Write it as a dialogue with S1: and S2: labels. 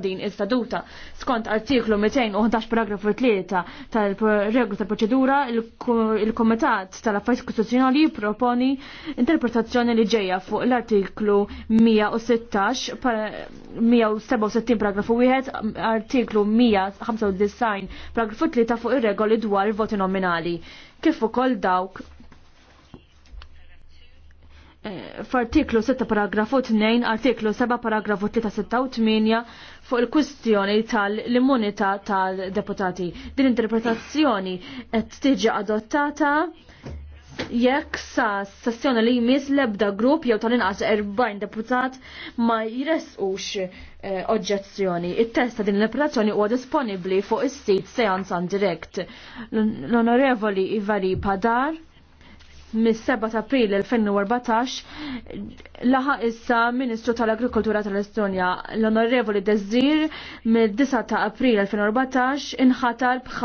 S1: din istaduta skont artiklu 211 paragrafu 3 tal-reglu tal-proċedura il-Komitat tal affajs Kostituzzjonali proponi interpretazzjoni li ġejja fuq l-artiklu 167 paragrafu 1 artiklu 195 paragrafu 3 fuq ir-regoli dwar il-voti nominali kif ukoll dawk Eh, f'artiklu 6 paragrafu 2, artiklu 7 paragrafu 368 fuq il-kwistjoni tal-immunità tal-deputati. Din interpretazzjoni qed tiġi adottata jekk sa sessjoni li jmiss lebda grupp jew tal-inqas 40 deputat ma jresqux eh, oġġezzjoni. Il-test din l-operazzjoni huwa disponibbli fuq is-sit Seansan Direct. L-Onorevoli Ivari Padar mis-7 ta' April 2014 laħa issa Ministru tal-Agrikoltura tal-Estonja l-Onorevoli Dezzir mid-9 ta' April 2014 inħatar